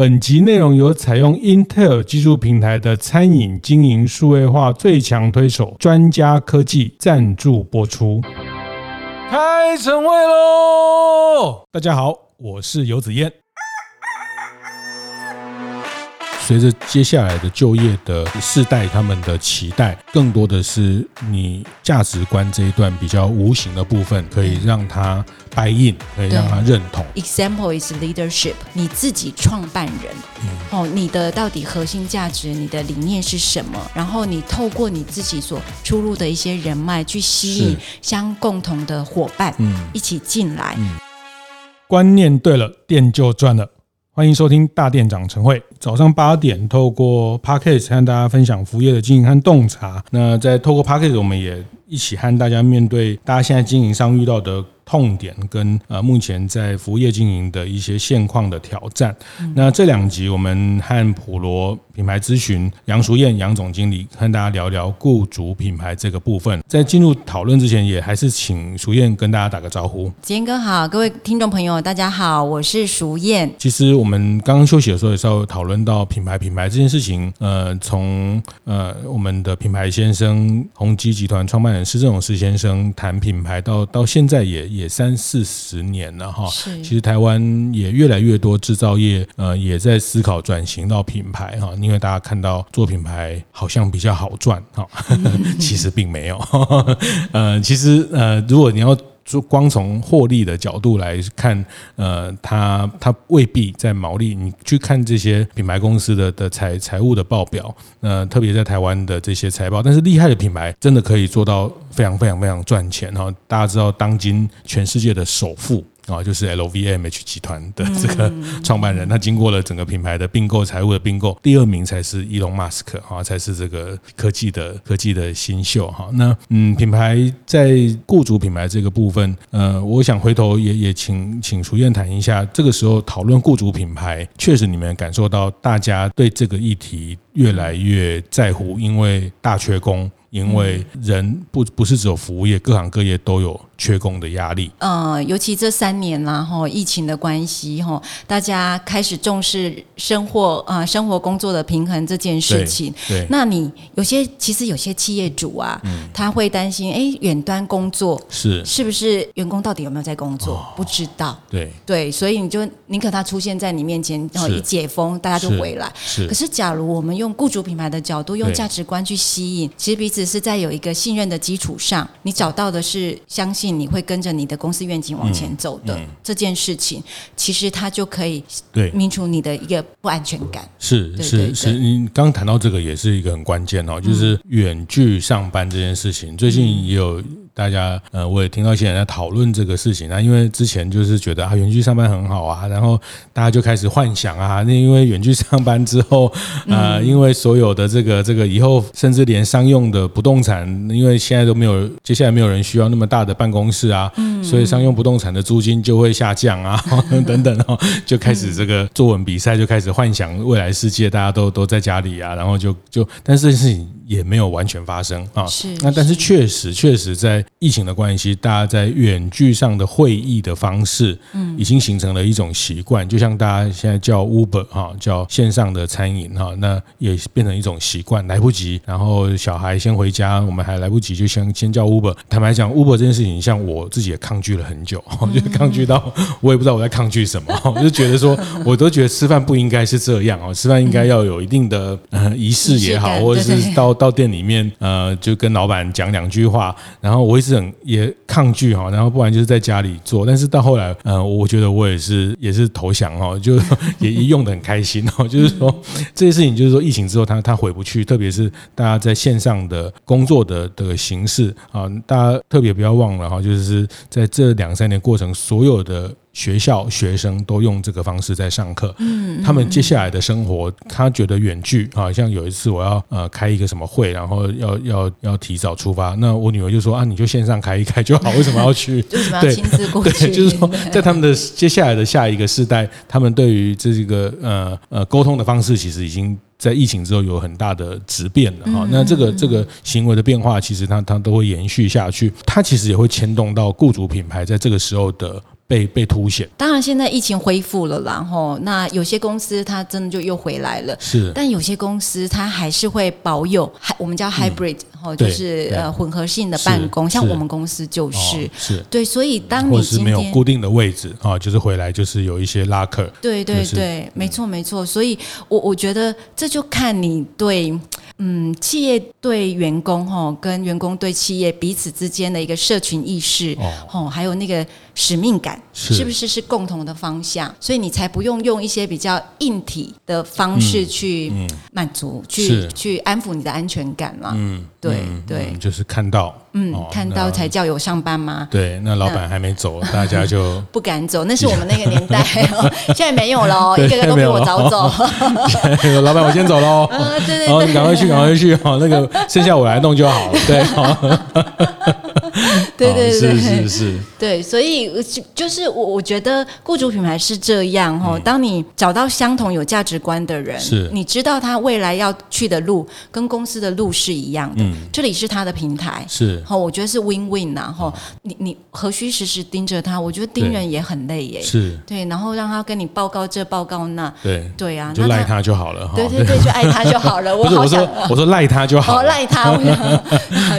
本集內容由採用 Intel 技術平台的餐飲經營數位化最強推手——專加科技贊助播出。開晨會嘍！大家好，我是尤子彥。隨着接下來的就業的世代，他們的期待更多的是你價值觀這一段比較無形的部分，可以讓他 buy in，可以讓他認同。Example is leadership，你自己創辦人，嗯、哦，你的到底核心價值，你的理念是什麼？然後你透過你自己所出入的一些人脈，去吸引相共同的伙伴，嗯，一起進來、嗯嗯。觀念對了，店就賺了。歡迎收聽大店長會客。早上八點，透過 Podcast 和大家分享服務業的經營和洞察。那在透過 Podcast 我們也一起和大家面對大家現在經營上遇到的痛點跟，跟呃目前在服務業經營的一些現況的挑戰。嗯、那這兩集，我們和普羅品牌諮詢楊淑燕楊總經理和大家聊聊雇主品牌這個部分。在進入討論之前，也還是請淑燕跟大家打個招呼。杰恩哥好，各位聽眾朋友，大家好，我是淑燕。其實我們剛剛休息的時候，也是要討論。輪到品牌，品牌這件事情，呃，從呃我們的品牌先生宏碁集團創辦人施振榮先生談品牌到到現在也也三四十年了哈。是其實台灣也越來越多制造業呃也在思考轉型到品牌哈，因為大家看到做品牌好像比較好賺哈，其實並沒有。呵呵呃，其實呃，如果你要就光從獲利的角度來看，呃，它它未必在毛利。你去看這些品牌公司的的財財務的報表，呃，特別在台灣的這些財報。但是厲害的品牌真的可以做到非常非常非常賺錢哈！然後，大家知道當今全世界的首富。啊，就是 LVMH 集團的這個創辦人，他經過了整個品牌的併購、財務的併購，第二名才是伊隆馬斯克啊，才是這個科技的科技的新秀哈。那嗯，品牌在雇主品牌這個部分，呃，我想回頭也也請請淑燕談一下。這個時候討論雇主品牌，確實你們感受到大家對這個議題越來越在乎，因為大缺工，因為人不不是只有服務業，各行各業都有。缺工的壓力，呃，尤其這三年啦，吼，疫情的關係，吼，大家開始重視生活啊，生活工作的平衡這件事情。對，那你有些其實有些企業主啊，他會擔心，哎，遠端工作是是不是員工到底有沒有在工作？不知道，對對，所以你就寧可他出現在你面前，然後一解封，大家就回來。是，可是假如我們用雇主品牌的角度，用價值觀去吸引，其實彼此是在有一個信任的基礎上，你找到的是相信，你會跟着你的公司願景往前走的、嗯嗯、這件事情，其實它就可以對消除你的一個不安全感。是，是，是。你剛剛談到這個，也是一個很關鍵哦，就是遠距上班這件事情，嗯、最近也有。大家呃，我也聽到一些人在討論這個事情啊，因為之前就是覺得啊，遠距上班很好啊，然後大家就開始幻想啊，那因為遠距上班之後啊，呃嗯、因為所有的這個這個以後，甚至連商用的不動產，因為現在都沒有，接下來沒有人需要那麼大的辦公室啊，嗯、所以商用不動產的租金就會下降啊，等等哦，就開始這個作文比賽就開始幻想未來世界，大家都都在家裡啊，然後就就，但是這件事情。也沒有完全發生啊，是那但是確實確實在疫情的關係，大家在遠距上的會議的方式，已經形成了一種習慣。就像大家現在叫 Uber 哈、啊，叫線上的餐飲哈，那也變成一種習慣。來不及，然後小孩先回家，我們還來不及，就先先叫 Uber。坦白講，Uber 這件事情，像我自己也抗拒了很久，就抗拒到我也不知道我在抗拒什麼，我就覺得說，我都覺得吃飯不應該是這樣哦，吃飯應該要有一定的儀式也好，或者是到。到店裡面，呃，就跟老闆講兩句話，然後我一直很也抗拒哈，然後不然就是在家裡做，但是到後來，呃，我覺得我也是也是投降哈，就也也用得很開心哈，就是說這些事情，就是說疫情之後，他他回不去，特別是大家在線上的工作的的形式啊，大家特別不要忘了哈，就是在這兩三年過程，所有的。學校學生都用這個方式在上課，嗯，他們接下來的生活，他覺得遠距啊，像有一次我要呃開一個什麼會，然後要要要提早出發，那我女兒就說啊，你就線上開一開就好，為什麼要去？對對，就是說，在他們的接下來的下一個世代，他們對於這一個呃呃溝通的方式，其實已經在疫情之後有很大的質變了哈。那這個這個行為的變化，其實他他都會延續下去，它其實也會牽動到雇主品牌在這個時候的。被被凸顯，當然現在疫情恢復了，然後那有些公司它真的就又回來了，是。但有些公司它還是會保有，我們叫 Hybrid。然後對 就是呃混合性的辦公，像我們公司就是，是對，所以當你今天是沒有固定的位置啊，就是回來就是有一些拉客，對對對,對，嗯、沒錯沒錯，所以我我覺得這就看你對嗯企業對員工吼、哦、跟員工對企業彼此之間的一個社群意識哦，還有那個使命感是不是是共同的方向，所以你才不用用一些比較硬體的方式去滿足去、嗯、去,去安撫你的安全感嘛，嗯對。嗯、對，對、嗯，我們就是看到。嗯，看到才叫有上班嗎？對，那老闆還沒走，大家就不敢走。那是我們那個年代，現在沒有了，一個個都比我早走。老闆，我先走嘍。對對對，趕快去，趕快去，好，那個剩下我來弄就好了。對，對對對，是是是，對，所以就是我，我覺得雇主品牌是這樣哦，當你找到相同有價值觀的人，是，你知道他未來要去的路跟公司的路是一樣的。嗯，這裡是他的平台，是。好，我覺得是 win win 啊！哈，你你何須時時盯着他？我覺得盯人也很累耶。是，對，然後讓他跟你報告這報告那。對對啊，就賴他就好了。對對對，就賴他就好了。我好想我說，我說賴他就好，賴他。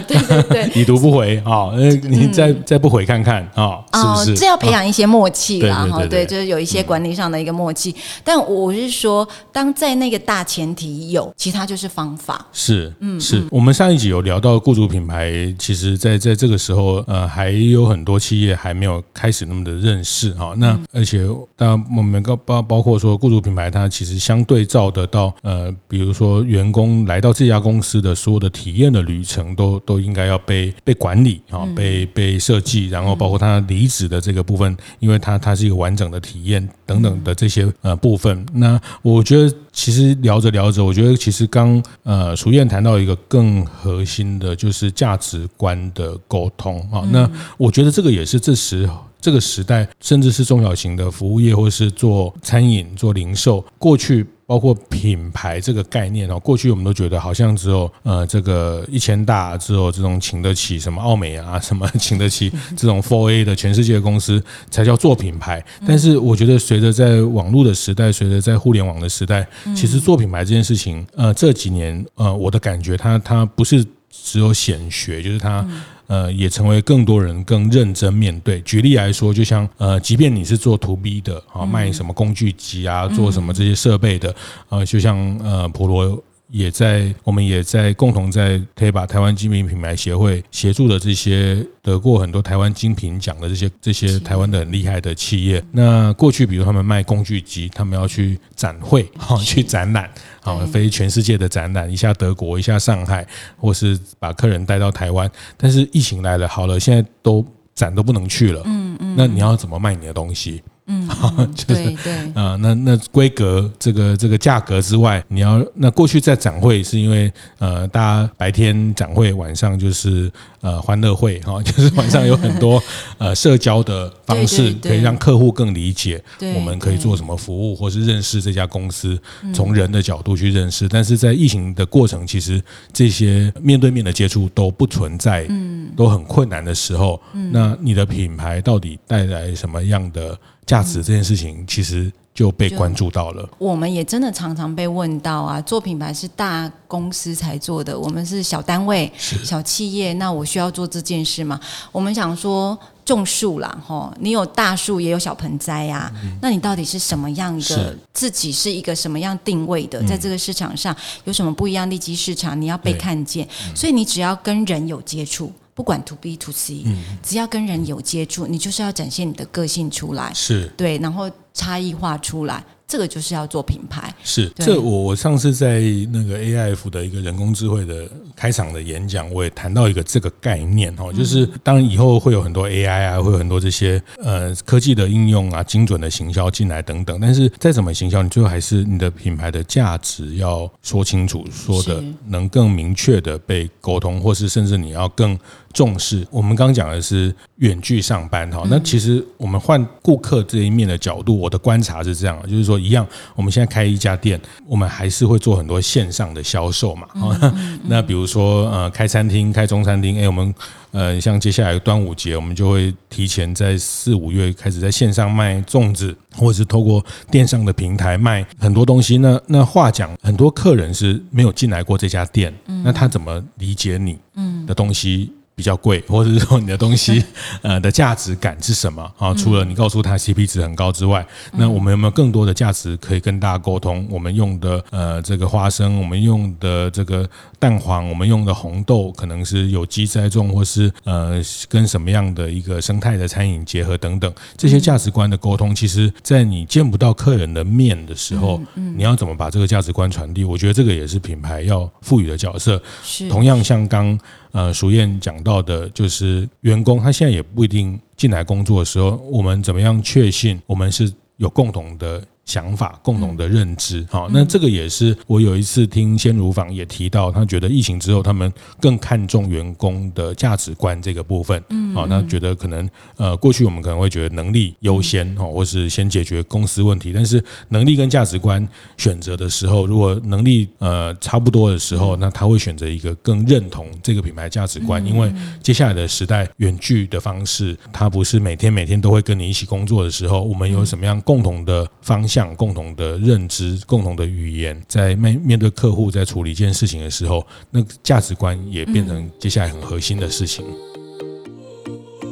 對對對，已讀不回啊？你再再不回看看啊？哦，這要培養一些默契啦。哈，對，就是有一些管理上的一個默契。但我是說，當在那個大前提有，其他就是方法。是，嗯，是我們上一集有聊到雇主品牌。其實，在在這個時候，呃，還有很多企業還沒有開始那麼的認識哈。那而且，當我們包包括說雇主品牌，它其實相對照得到，呃，比如說員工來到這家公司的所有的體驗的旅程，都都應該要被被管理啊，被被設計，然後包括他離職的這個部分，因為它它是一個完整的體驗等等的這些呃部分。那我覺得。其實聊着聊着，我覺得其實剛呃，淑燕談到一個更核心的，就是價值觀的溝通啊。那我覺得這個也是這時這個時代，甚至是中小型的服務業或是做餐飲、做零售，過去。包括品牌這個概念哦，過去我們都覺得好像只有呃這個一千大，只有這種請得起什麼奧美啊，什麼請得起這種 Four A 的全世界的公司才叫做品牌。但是我覺得，隨着在網絡的時代，隨着在互聯網的時代，其實做品牌這件事情，呃，這幾年呃，我的感覺它，它它不是只有顯學，就是它。嗯呃，也成為更多人更認真面對。舉例來說，就像呃，即便你是做 To B 的啊，賣什麼工具機啊，做什麼這些設備的啊、呃，就像呃，普羅也在，我們也在共同在，可以把台灣精品品牌協會協助的這些得過很多台灣精品獎的這些這些台灣的很厲害的企業，那過去比如他們賣工具機，他們要去展會啊，去展覽。好，飛全世界的展覽，一下德國，一下上海，或是把客人帶到台灣。但是疫情來了，好了，現在都展都不能去了，嗯。嗯嗯，那你要怎麼賣你的東西？嗯，嗯 就是對，對呃，那那規格這個這個價格之外，你要那過去在展會是因為呃，大家白天展會，晚上就是呃歡樂會哈、哦，就是晚上有很多 呃社交的方式，對對對，可以讓客戶更理解我們可以做什麼服務，或是認識這家公司，從人的角度去認識。嗯、但是在疫情的過程，其實這些面對面的接觸都不存在，嗯，都很困難的時候，嗯，那你的品牌到底帶來什麼樣的？價值這件事情其實就被關注到了。我們也真的常常被問到啊，做品牌是大公司才做的，我們是小單位、小企業，那我需要做這件事嗎？我們想說種樹啦，吼，你有大樹也有小盆栽呀，啊。那你到底是什麼樣一個自己是一個什麼樣定位的？在這個市場上有什麼不一樣？利基市場，你要被看見，所以你只要跟人有接觸。不管 to B to C，嗯，只要跟人有接觸，你就是要展現你的個性出來，是，對，然後差異化出來。這個就是要做品牌是，是這我我上次在那個 A I F 的一個人工智慧的開場的演講，我也談到一個這個概念哈，就是當然以後會有很多 A I 啊，會有很多這些呃科技的應用啊，精準的行銷進來等等，但是再怎麼行銷，你最後還是你的品牌的價值要說清楚，說的能更明確的被溝通，或是甚至你要更。重視我們剛講的是遠距上班哈，那其實我們換顧客這一面的角度，我的觀察是這樣，就是說一樣，我們現在開一家店，我們還是會做很多線上的銷售嘛。哈，那比如說呃，開餐廳、開中餐廳，誒，我們呃，像接下來端午節，我們就會提前在四五月開始在線上賣粽子，或者是透過電商的平台賣很多東西。那那話講，很多客人是沒有進來過這家店，那他怎麼理解你的東西？比較貴，或者是說你的東西呃的價值感是什麼啊？除了你告訴他 CP 值很高之外，嗯、那我們有沒有更多的價值可以跟大家溝通？我們用的呃這個花生，我們用的這個蛋黃，我們用的紅豆，可能是有機栽種，或是呃跟什麼樣的一個生態的餐飲結合等等，這些價值觀的溝通，其實在你見不到客人的面的時候，嗯嗯、你要怎麼把這個價值觀傳遞？我覺得這個也是品牌要賦予的角色。是同樣像剛。呃，淑燕講到的，就是員工他現在也不一定進來工作的時候，我們怎麼樣確信我們是有共同的。想法共同的認知，好，嗯嗯嗯、那這個也是我有一次聽先如坊也提到，他覺得疫情之後他們更看重員工的價值觀這個部分，嗯，好，那覺得可能呃過去我們可能會覺得能力優先，哦，或是先解決公司問題，但是能力跟價值觀選擇的時候，如果能力呃差不多的時候，那他會選擇一個更認同這個品牌價值觀，因為接下來的時代，遠距的方式，他不是每天每天都會跟你一起工作的時候，我們有什麼樣共同的方向。像共同的認知、共同的語言，在面面對客戶，在處理這件事情的時候，那價值觀也變成接下來很核心的事情。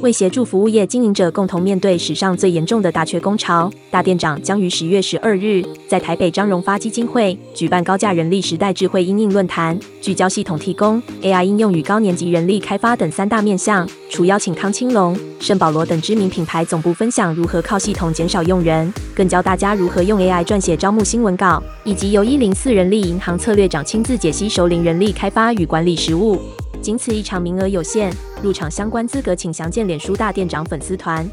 為協助服務業經營者共同面對史上最嚴重的大缺工潮，大店長將於十月十二日在台北張榮發基金會舉辦高價人力時代智慧應用論壇，聚焦系統提供、AI 應用與高年級人力開發等三大面向。除邀請康青龍、聖保羅等知名品牌總部分享如何靠系統減少用人，更教大家如何用 AI 撰寫招募新聞稿，以及由一零四人力銀行策略長親自解析熟齡人力開發與管理實務。僅此一場，名額有限，入場相關資格請詳見臉書大店長粉絲團。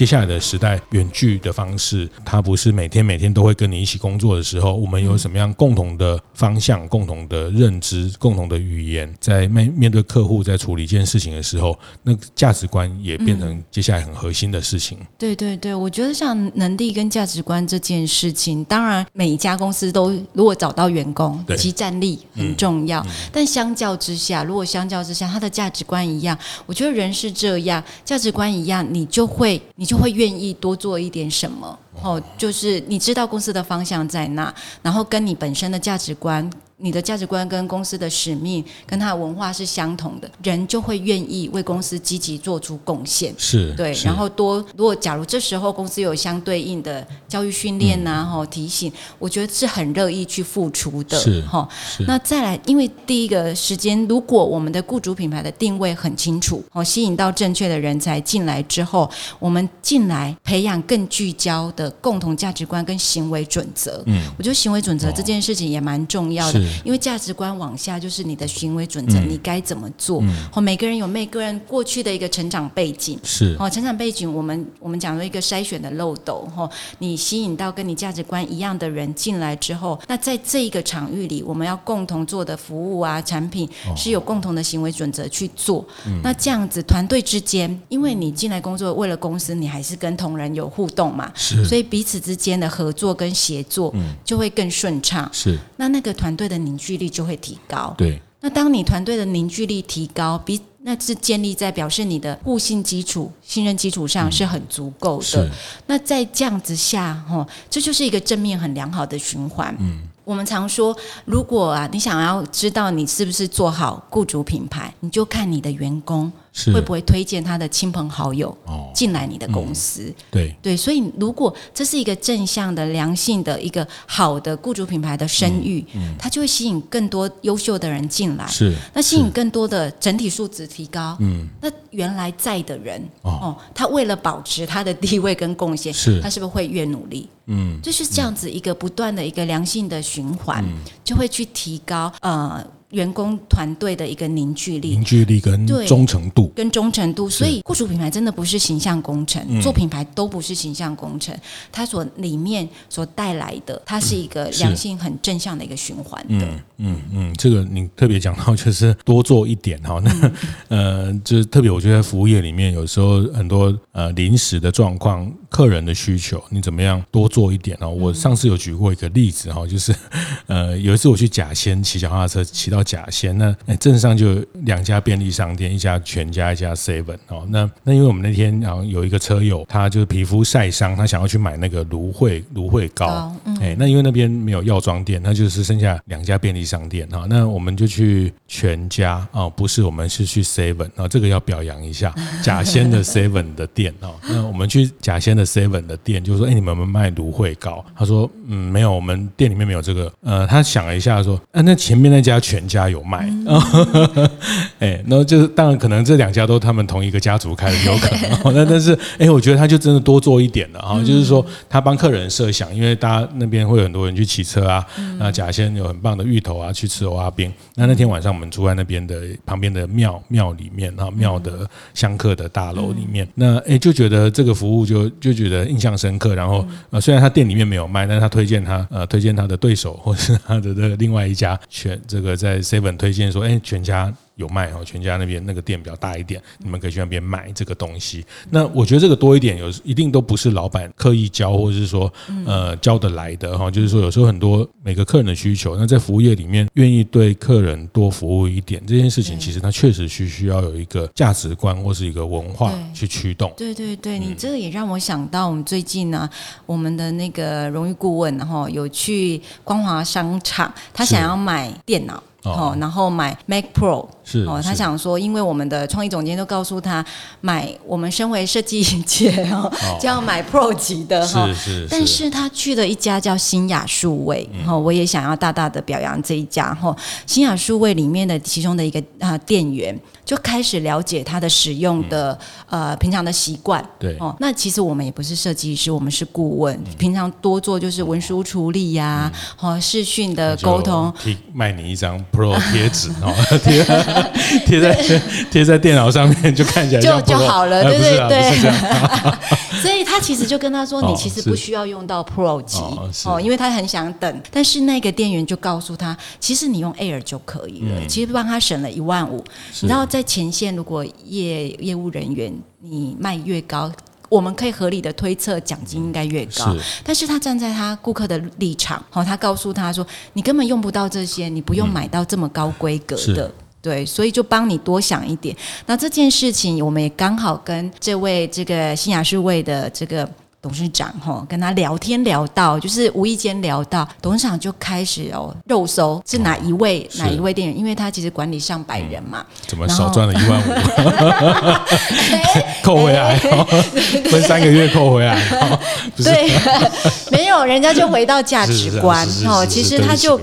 接下來的時代，遠距的方式，他不是每天每天都會跟你一起工作的時候，我們有什麼樣共同的方向、共同的認知、共同的語言，在面面對客戶，在處理一件事情的時候，那價值觀也變成接下來很核心的事情。嗯、對對對，我覺得像能力跟價值觀這件事情，當然每一家公司都如果找到員工即戰力很重要，但相較之下，如果相較之下，他的價值觀一樣，我覺得人是這樣，價值觀一樣，你就會你就會。就會願意多做一點什麼。哦，就是你知道公司的方向在哪，然後跟你本身的價值觀，你的價值觀跟公司的使命跟它的文化是相同的，人就會願意為公司積極做出貢獻。是、嗯、對，是，然後多如果假如這時候公司有相對應的教育訓練吶、啊，哈、嗯哦、提醒，我覺得是很樂意去付出的。是哈、哦，那再來，因為第一個時間，如果我們的雇主品牌的定位很清楚，哦，吸引到正確的人才進來之後，我們進來培養更聚焦。的共同價值觀跟行為準則，嗯，我覺得行為準則這件事情也蠻重要的，因為價值觀往下就是你的行為準則，你該怎麼做？或每個人有每個人過去的一個成長背景，是哦，成長背景我們我們講了一個篩選的漏斗，哈，你吸引到跟你價值觀一樣的人進來之後，那在這一個場域裡，我們要共同做的服務啊、產品是有共同的行為準則去做，那這樣子團隊之間，因為你進來工作為了公司，你還是跟同仁有互動嘛，是。所以彼此之間的合作跟協作就會更順暢，嗯，是那那個團隊的凝聚力就會提高。對，那當你團隊的凝聚力提高，比那是建立在表示你的互信基礎、信任基礎上是很足夠的。嗯、那在這樣子下，哈，這就是一個正面很良好的循環。嗯，我們常說，如果啊，你想要知道你是不是做好雇主品牌，你就看你的員工。是會不會推薦他的親朋好友進來你的公司？哦嗯、對對，所以如果這是一個正向的、良性的、一個好的雇主品牌的聲譽，嗯嗯、他就會吸引更多優秀的人進來。是，那吸引更多的整體素質提高。嗯，那原來在的人哦，他為了保持他的地位跟貢獻，是，他是不是會越努力？嗯，嗯就是這樣子一個不斷的一個良性的循環，就會去提高、嗯嗯、呃。員工團隊的一個凝聚力，凝聚力跟忠誠度，跟忠誠度，是所以。雇主品牌真的不是形象工程，做品牌都不是形象工程，它，所裡面所帶來的，它是一個良性、很正向的一個循環的。嗯嗯嗯，嗯，這個你特別講到，就是多做一點哈，那呃，就是特別，我覺得在服務業裡面有時候很多呃臨時的狀況、客人的需求，你怎麼樣多做一點哦。我上次有舉過一個例子哈，就是呃有一次我去甲仙騎腳踏車，騎到甲仙，那，欸，鎮上就兩家便利商店，一家全家，一家 seven 哦，那那因為我們那天然後有一個車友，他就是皮膚曬傷，他想要去買那個蘆薈蘆薈膏。哎、哦嗯欸，那因為那邊沒有藥妝店，那就是剩下兩家便利商店啊。那我們就去全家啊，哦，不是我們是去 Seven 啊，哦，這個要表揚一下假仙的 Seven 的店啊。 那我們去假仙的 Seven 的店，就說哎、欸，你們有沒有賣蘆薈膏？他說嗯，沒有，我們店裡面沒有這個。呃，他想了一下說，哎、啊，那前面那家全家有賣。哎、嗯 欸，然後就是當然可能這兩家都他們同一個家族。開不開的有可能，那但是誒，我覺得他就真的多做一點了啊，就是說他幫客人設想，因為大家那邊會有很多人去騎車啊，那甲仙有很棒的芋頭啊，去吃芋仔冰。那那天晚上我們住在那邊的旁邊的廟廟裡面，然後廟的香客的大樓裡面，那誒，就覺得這個服務就就覺得印象深刻。然後呃，雖然他店裡面沒有賣，但是他推薦他呃推薦他的對手或是他的另外一家全這個在 Seven 推薦說，誒，全家。有賣哦，全家那邊那個店比較大一點，你們可以去那邊買這個東西。那我覺得這個多一點有，有一定都不是老闆刻意教，或是說，呃，教得來的哈。就是說，有時候很多每個客人的需求，那在服務業裡面，願意對客人多服務一點這件事情，其實它確實需需要有一個價值觀或是一個文化去驅動。對，對對對，你這個也讓我想到，我們最近呢、啊，我們的那個榮譽顧問哈，有去光華商場，他想要買電腦。哦，然後買 Mac Pro。是哦，他想說，因為我們的創意總監都告訴他，買我們身為設計界哈，就要買 Pro 級的，是是是，但是他去了一家叫新雅數位。嗯哦，我也想要大大的表揚這一家哈，哦，新雅數位裡面的其中的一個啊店員。就開始了解他的使用的呃平常的習慣，對哦。那其實我們也不是設計師，我們是顧問，平常多做就是文書處理呀，哦、視訊的溝通。就賣你一張 Pro 貼紙哦，貼、貼在貼在電腦上面就看起來就就好了，對對對。所以他其實就跟他說，你其實不需要用到 Pro 級哦，因為他很想等。但是那個店員就告訴他，其實你用 Air 就可以了，其實幫他省了一萬五。然後在在前線，如果業業務人員你賣越高，我們可以合理的推測獎金應該越高。是，但是他站在他顧客的立場，好，他告訴他說，你根本用不到這些，你不用買到這麼高規格的，嗯、對，所以就幫你多想一點。那這件事情，我們也剛好跟這位這個新雅士衛的這個。董事長跟他聊天聊到，就是無意間聊到，董事長就開始哦，肉搜，是哪一位哪一位店員？因為他其實管理上百人嘛，怎麼少賺了一萬五？扣回來，分三個月扣回來，對，沒有，人家就回到價值觀哦。其實他就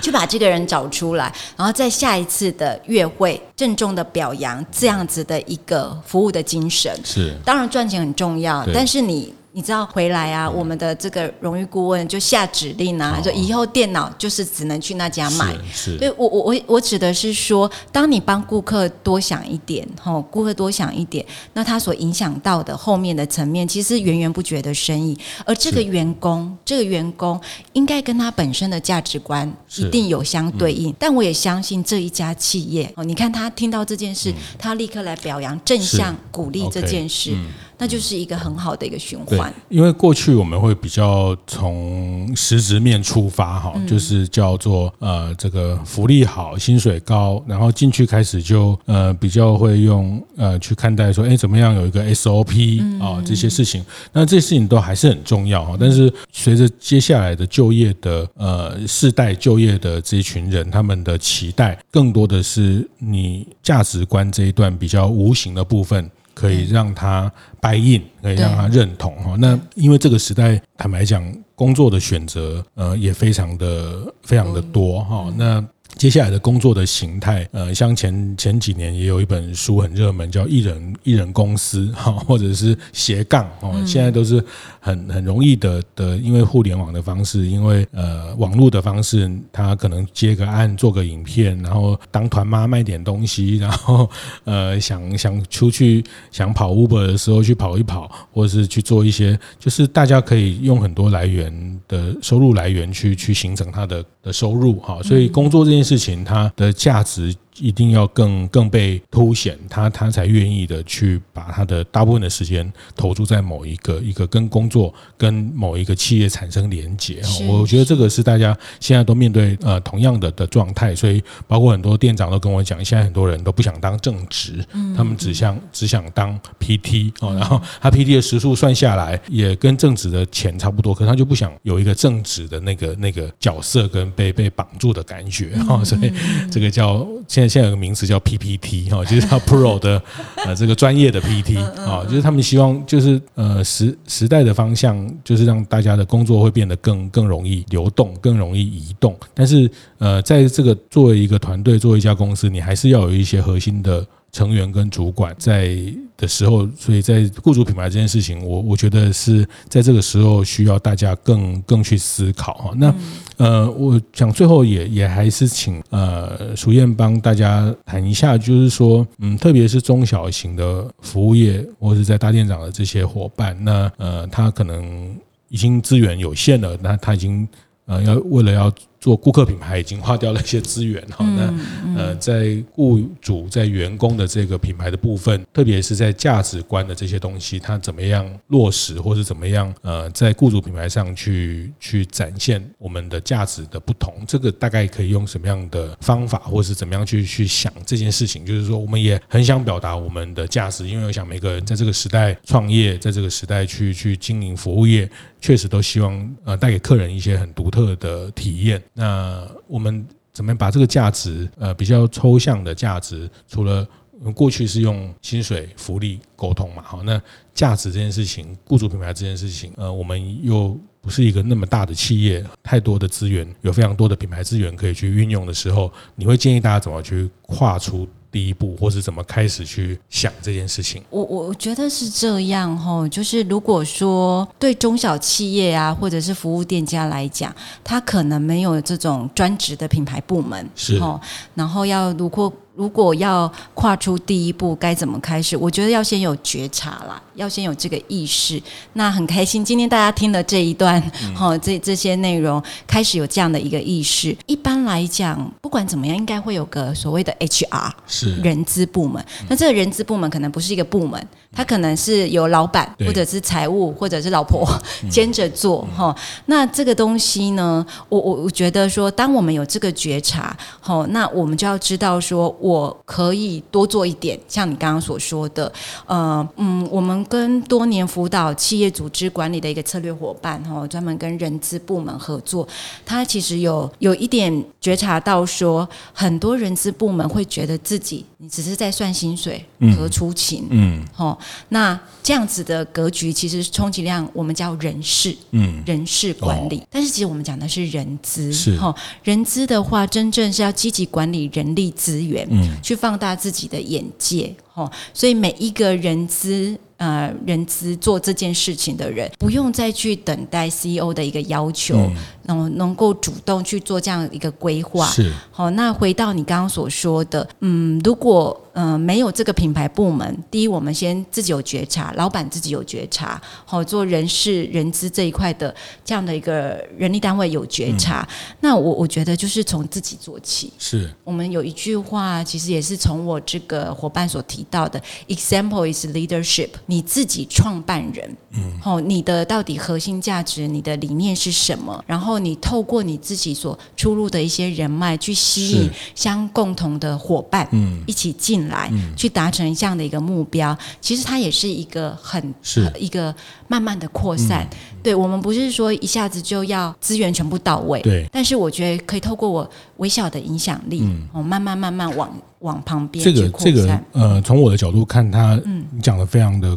就把這個人找出來，然後在下一次的月會鄭重的表揚這樣子的一個服務的精神。是，當然賺錢很重要，但是你。你知道回來啊？對我們的這個榮譽顧問就下指令啊，說好以後電腦就是只能去那家買。所以我我我我指的是說，當你幫顧客多想一點，哈，顧客多想一點，那他所影響到的後面的層面，其實源源不絕的生意。而這個員工，是這個員工應該跟他本身的價值觀一定有相對應。嗯、但我也相信這一家企業哦，你看他聽到這件事，嗯、他立刻來表揚、正向是鼓勵這件事。Okay 嗯那就是一個很好的一個循環，因為過去我們會比較從實質面出發，哈，就是叫做呃，這個福利好，薪水高，然後進去開始就呃比較會用呃去看待說，哎，怎麼樣有一個 SOP 啊，這些事情，那這些事情都還是很重要啊。但是隨着接下來的就業的呃世代就業的這一群人，他們的期待更多的是你價值觀這一段比較無形的部分。可以讓他 buy in，可以讓他認同哈。那因為這個時代，坦白講，工作的選擇呃也非常的非常的多哈。那接下來的工作的形態，呃，像前前幾年也有一本書很熱門，叫“一人一人公司”哈，或者是斜槓哦，呃嗯、現在都是很很容易的的，因為互聯網的方式，因為呃網絡的方式，他可能接個案做個影片，然後當團媽賣點東西，然後呃想想出去想跑 Uber 的時候去跑一跑，或者是去做一些，就是大家可以用很多來源的收入來源去去形成他的。的收入，哈，所以工作這件事情，它的價值，一定要更更被凸顯，他他才願意的去把他的大部分的時間投注在某一個一個跟工作跟某一個企業產生連結是 我覺得這個是大家現在都面對呃同樣的的狀態，所以包括很多店長都跟我講，現在很多人都不想當正職，他們只想只想當 PT 哦。然後他 PT 的時數算下來也跟正職的錢差不多，可是他就不想有一個正職的那個那個角色跟被被綁住的感覺啊。所以這個叫。現在有個名詞叫 PPT 哈，就是他 Pro 的呃，這個專業的 PPT 啊，就是他們希望就是呃時時代的方向，就是讓大家的工作會變得更更容易流動，更容易移動。但是呃，在這個作為一個團隊，做一家公司，你還是要有一些核心的成員跟主管在的時候，所以在僱主品牌這件事情，我我覺得是在這個時候需要大家更更去思考哈。那呃，我想最後也也還是請呃，淑燕幫大家談一下，就是說，嗯，特別是中小型的服務業或是在大店長的這些夥伴，那呃，他可能已經資源有限了，那他已經呃要為了要。做顧客品牌已經花掉了一些資源，哈，那呃，在雇主在員工的這個品牌的部分，特別是在價值觀的這些東西，它怎麼樣落實，或是怎麼樣呃，在雇主品牌上去去展現我們的價值的不同，這個大概可以用什麼樣的方法，或是怎麼樣去去想這件事情？就是說，我們也很想表達我們的價值，因為我想每個人在這個時代創業，在這個時代去去經營服務業。確實都希望呃帶給客人一些很獨特的體驗。那我們怎麼樣把這個價值呃比較抽象的價值，除了我們過去是用薪水、福利溝通嘛，好，那價值這件事情、雇主品牌這件事情，呃，我們又。不是一個那麼大的企業，太多的資源，有非常多的品牌資源可以去運用的時候，你會建議大家怎麼去跨出第一步，或是怎麼開始去想這件事情？我我覺得是這樣哈、哦，就是如果說對中小企業啊，或者是服務店家來講，他可能沒有這種專職的品牌部門，是哈，然後要如果。如果要跨出第一步，該怎麼開始？我覺得要先有覺察啦，要先有這個意識。那很開心，今天大家聽了這一段，哈、嗯哦，這這些內容，開始有這樣的一個意識。一般來講，不管怎麼樣，應該會有個所謂的 HR，是人資部門。那這個人資部門可能不是一個部門。他可能是由老闆，或者是財務，或者是老婆兼着對、嗯、做哈。那這個東西呢，我我我覺得說，當我們有這個覺察，好，那我們就要知道說，我可以多做一點。像你剛剛所說的，呃嗯，我們跟多年輔導企業組織管理的一個策略伙伴，哈，專門跟人資部門合作，他其實有有一點覺察到說，很多人資部門會覺得自己，你只是在算薪水和出勤，嗯，哈、嗯。那這樣子的格局，其實充其量我們叫人事，嗯，人事管理。但是其實我們講的是人資，是哈。人資的話，真正是要積極管理人力資源，嗯，去放大自己的眼界，哈，所以每一個人資，呃，人資做這件事情的人，不用再去等待 CEO 的一個要求。能能夠主動去做這樣一個規劃是好、哦。那回到你剛剛所說的，嗯，如果嗯、呃、沒有這個品牌部門，第一，我們先自己有覺察，老板自己有覺察，好、哦、做人事人資這一塊的這樣的一個人力單位有覺察。嗯、那我我覺得就是從自己做起。是我們有一句話，其實也是從我這個伙伴所提到的是，example is leadership。你自己創辦人，嗯，好、哦，你的到底核心價值，你的理念是什麼？然後你透過你自己所出入的一些人脈去吸引相共同的夥伴，嗯，一起進來，嗯，去達成這樣的一個目標。其實它也是一個很是一個慢慢的擴散。對我們不是說一下子就要資源全部到位，對。但是我覺得可以透過我微小的影響力，我慢慢慢慢往往旁邊去擴散，這個這個呃，從我的角度看，他嗯講得非常的。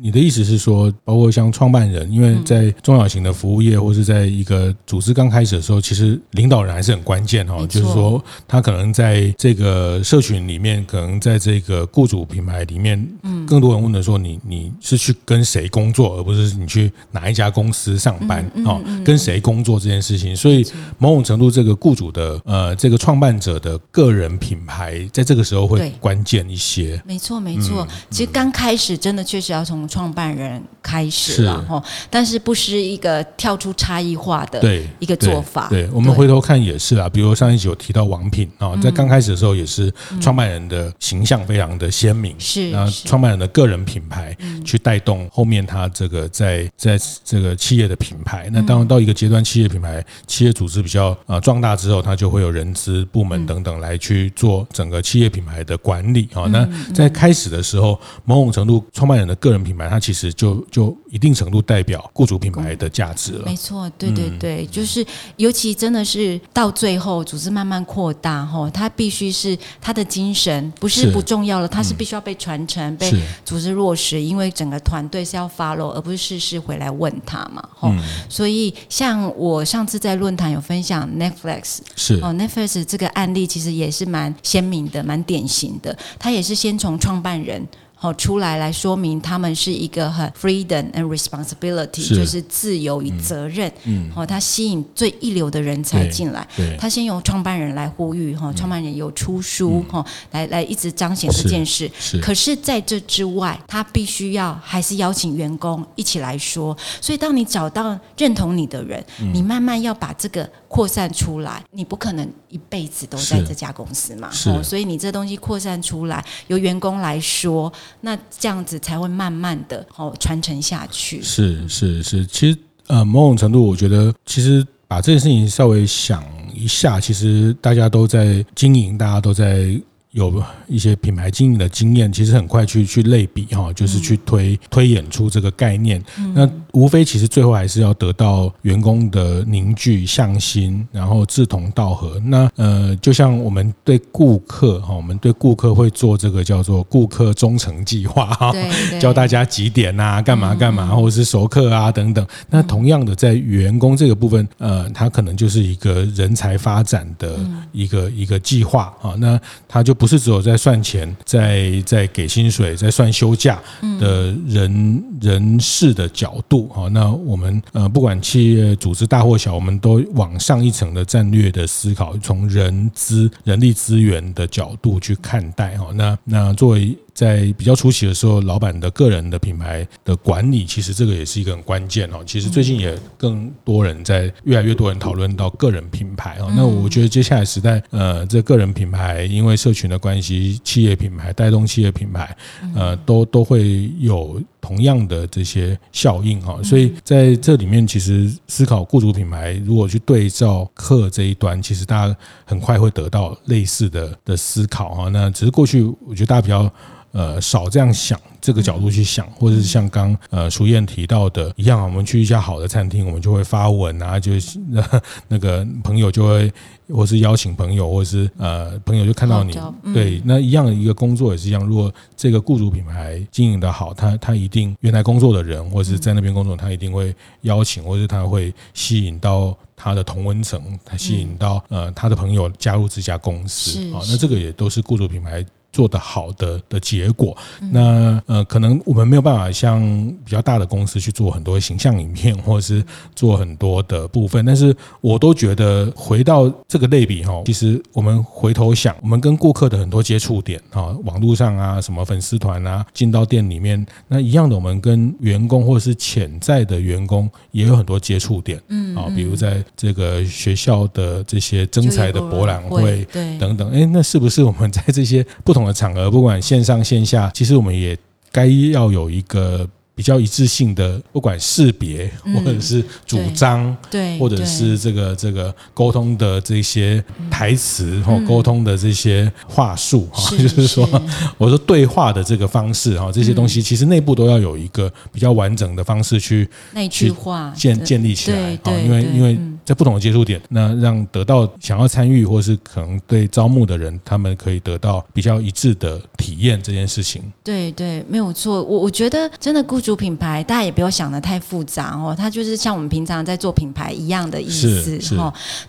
你的意思是說，包括像創辦人，因為在中小型的服務業，或是在一個組織剛開始的時候，其實領導人還是很關鍵哦。就是說，他可能在這個社群裡面，可能在這個雇主品牌裡面，嗯，更多人問的說，你你是去跟誰工作，而不是你去哪一家公司上班哦，跟誰工作這件事情。所以，某種程度，這個雇主的呃，這個創辦者的個人品牌，在這個時候會關鍵一些。沒錯，沒錯。其實剛開始，真的確實要從創辦人開始了。是但是不是一個跳出差異化的一個做法。對，對，對，對，我們回頭看也是啊，對比如上一集有提到王品啊，嗯、在剛開始的時候也是創辦人的形象非常的鮮明，嗯、是那創辦人的個人品牌去帶動後面他這個在、嗯、在這個企業的品牌。那當然到一個階段，企業品牌、企業組織比較啊、呃、壯大之後，他就會有人資部門等等來去做整個企業品牌的管理啊。嗯、那在開始的時候，嗯嗯、某種程度創辦人的個人品，買它其實就就一定程度代表雇主品牌的價值了。嗯，沒錯，對對對，就是尤其真的是到最後組織慢慢擴大，他必須是他的精神不是不重要了，他是必須要被傳承、被組織落實，因為整個團隊是要 follow，而不是事事回來問他嘛吼。所以像我上次在論壇有分享 Netflix，是哦，Netflix 這個案例其實也是蠻鮮明的、蠻典型的，他也是先從創辦人。好，出來來說明，他們是一個很 freedom and responsibility，就是自由與責任。嗯，好，他吸引最一流的人才進來。他先由創辦人來呼籲，哈，創辦人有出書，哈，來來一直彰顯這件事。是，可是在這之外，他必須要還是邀請員工一起來說。所以，當你找到認同你的人，你慢慢要把這個擴散出來，你不可能。一輩子都在這家公司嘛，所以你這東西擴散出來，由員工來說，那這樣子才會慢慢的哦傳承下去。是是是，是，其實呃，某種程度，我覺得其實把這件事情稍微想一下，其實大家都在經營，大家都在有一些品牌經營的經驗，其實很快去去類比哈，就是去推推演出這個概念。嗯、那。無非其實最後還是要得到員工的凝聚、向心，然後志同道合。那呃，就像我們對顧客哈、哦，我們對顧客會做這個叫做顧客忠誠計劃哈，教大家幾點吶、啊，幹嘛幹嘛，嗯、或者是熟客啊等等。那同樣的，在員工這個部分，呃，它可能就是一個人才發展的一個、嗯、一個計劃啊、哦。那它就不是只有在算錢、在在給薪水、在算休假的人、嗯、人事的角度。好，那我們呃，不管企業組織大或小，我們都往上一層的戰略的思考，從人資、人力資源的角度去看待。好，那那作為。在比較初期的時候，老闆的個人的品牌的管理，其實這個也是一個很關鍵哦。其實最近也更多人在，越來越多人討論到個人品牌哦。那我覺得接下來時代，呃，這個個人品牌因為社群的關係，企業品牌帶動企業品牌，呃，都都會有同樣的這些效應啊。所以在這裡面，其實思考雇主品牌，如果去對照客這一端，其實大家很快會得到類似的的思考啊。那只是過去，我覺得大家比較。呃，少這樣想，這個角度去想，嗯、或者是像剛呃淑燕提到的一樣，我們去一家好的餐廳，我們就會發文啊，嗯、就是那，那個朋友就會，或是邀請朋友，或是呃朋友就看到你、嗯、對，那一樣一個工作也是一樣，如果這個雇主品牌經營得好，他他一定原來工作的人，或者是在那邊工作，他一定會邀請，或是他會吸引到他的同溫層，吸引到呃他的朋友加入這家公司好，哦，那這個也都是雇主品牌。做得好的的結果，那呃，可能我們沒有辦法像比較大的公司去做很多形象影片，或者是做很多的部分，但是我都覺得回到這個類比哈，其實我們回頭想，我們跟顧客的很多接觸點啊，網絡上啊，什麼粉絲團啊，進到店裡面，那一樣的，我們跟員工或者是潛在的員工也有很多接觸點，嗯啊，比如在這個學校的這些徵才的博覽會，對等等，哎，那是不是我們在這些不不同的場合，不管線上線下，其實我們也該要有一個比較一致性的，不管識別或者是主張，嗯、對，對對或者是這個這個溝通的這些台詞，或、嗯嗯、溝通的這些話術，哈、嗯，是是就是說，我說對話的這個方式，哈，這些東西、嗯、其實內部都要有一個比較完整的方式去內去化建建立起來，對，因為因為。因為嗯在不同的接觸點，那讓得到想要參與或是可能對招募的人，他們可以得到比較一致的體驗這件事情。對對，沒有錯。我我覺得真的雇主品牌，大家也不要想的太複雜哦，它就是像我們平常在做品牌一樣的意思哦。是是。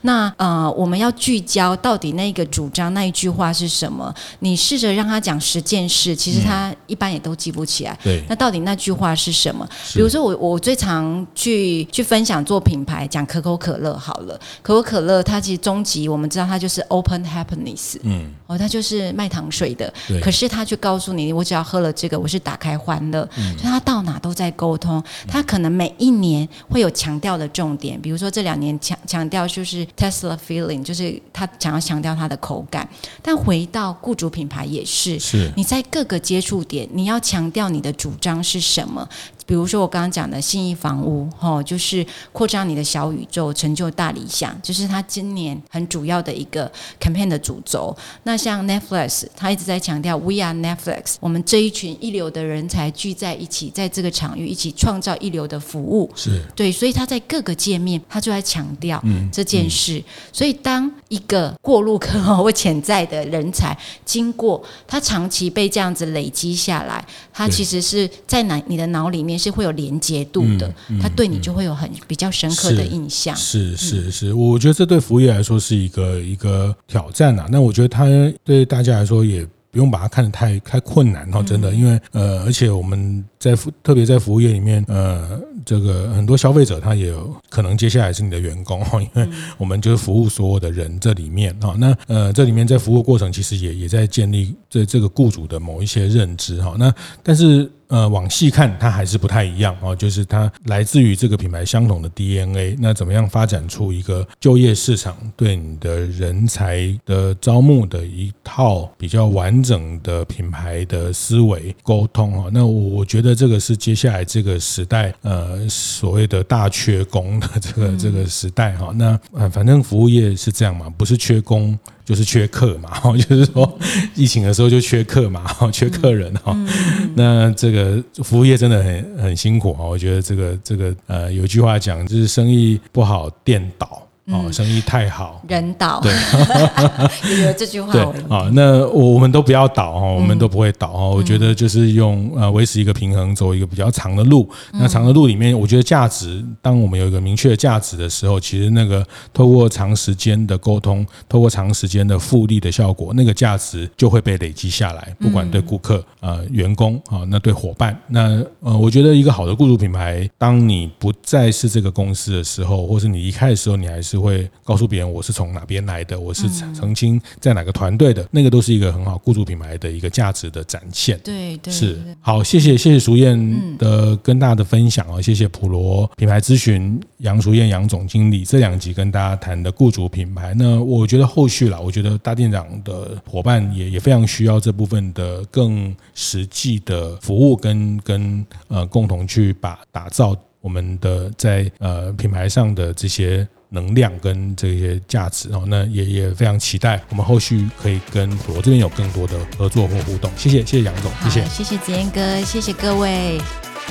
那呃，我們要聚焦到底那個主張那一句話是什麼？你試着讓他講十件事，其實他一般也都記不起來。對。那到底那句話是什麼？比如說我我最常去去分享做品牌，講可口可樂。好了，可口可樂，它其實終極我們知道，它就是 open happiness，嗯，哦，它就是賣糖水的。對可是它卻告訴你，我只要喝了這個，我是打開歡樂。嗯。所以它到哪都在溝通，它可能每一年會有強調的重點，比如說這兩年強強調就是 Tesla feeling，就是它想要強調它的口感。但回到雇主品牌也是，是。你在各個接觸點，你要強調你的主張是什麼？比如說我剛剛講的信義房屋，哦，就是擴張你的小宇宙，成就大理想，就是他今年很主要的一個 campaign 的主軸。那像 Netflix，他一直在強調 “We are Netflix”，我們這一群一流的人才聚在一起，在這個場域一起創造一流的服務。是對，所以他在各個界面，他就在強調嗯這件事。所以當一個過路客或潛在的人才經過，他長期被這樣子累積下來，他其實是在哪，你的腦裡面。是會有連接度的，他對你就會有很比較深刻的印象，嗯嗯嗯。是是是，是，我覺得這對服務業來說是一個一個挑戰啊。那我覺得它對大家來說也不用把它看得太太困難哈。真的，因為呃，而且我們在服，特別在服務業裡面，呃，這個很多消費者他也有可能接下來是你的員工哈，因為我們就是服務所有的人這裡面，哦、那呃，這裡面在服務過程其實也也在建立這這個雇主的某一些認知哈，哦。那但是。呃，往細看，它還是不太一樣哦，就是它來自於這個品牌相同的 DNA。那怎麼樣發展出一個就業市場對你的人才的招募的一套比較完整的品牌的思維溝通啊？那我我覺得這個是接下來這個時代，呃，所謂的大缺工的這個這個時代哈。那，呃，反正服務業是這樣嘛，不是缺工。就是缺客嘛，就是說，疫情的時候就缺客嘛，缺客人哈。嗯，那這個服務業真的很很辛苦啊。我覺得這個這個呃，有句話講，就是生意不好店倒。哦，生意太好、嗯、人倒，對， 有這句話。對啊、哦，那我我們都不要倒哦，我們都不會倒哦。嗯、我覺得就是用呃維持一個平衡，走一個比較長的路。嗯、那長的路裡面，我覺得價值，當我們有一個明確的價值的時候，其實那個透過長時間的溝通，透過長時間的複利的效果，那個價值就會被累積下來。不管對顧客呃，員工啊、呃，那對夥伴，那呃，我覺得一個好的雇主品牌，當你不再是這個公司的時候，或是你離開的時候，你還是。會告訴別人我是從哪邊來的，我是曾經在哪個團隊的，嗯、那個都是一個很好雇主品牌的一個價值的展現。對對，對，是，好，謝謝謝謝淑燕的跟大家的分享哦，嗯、謝謝普羅品牌諮詢楊淑燕楊總經理這兩集跟大家談的雇主品牌，那我覺得後續啦，我覺得大店長的夥伴也也非常需要這部分的更實際的服務跟、跟跟呃共同去把打造我們的在呃品牌上的這些能量跟這些價值，然後那也也非常期待我們後續可以跟普羅這邊有更多的合作或互動。謝謝，謝謝楊總，謝謝，謝謝子彥哥，謝謝各位。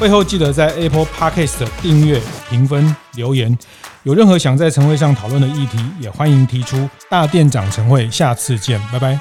會後記得在 Apple Podcast 訂閱、評分、留言。有任何想在晨會上討論的議題，也歡迎提出。大店長晨會，下次見，拜拜。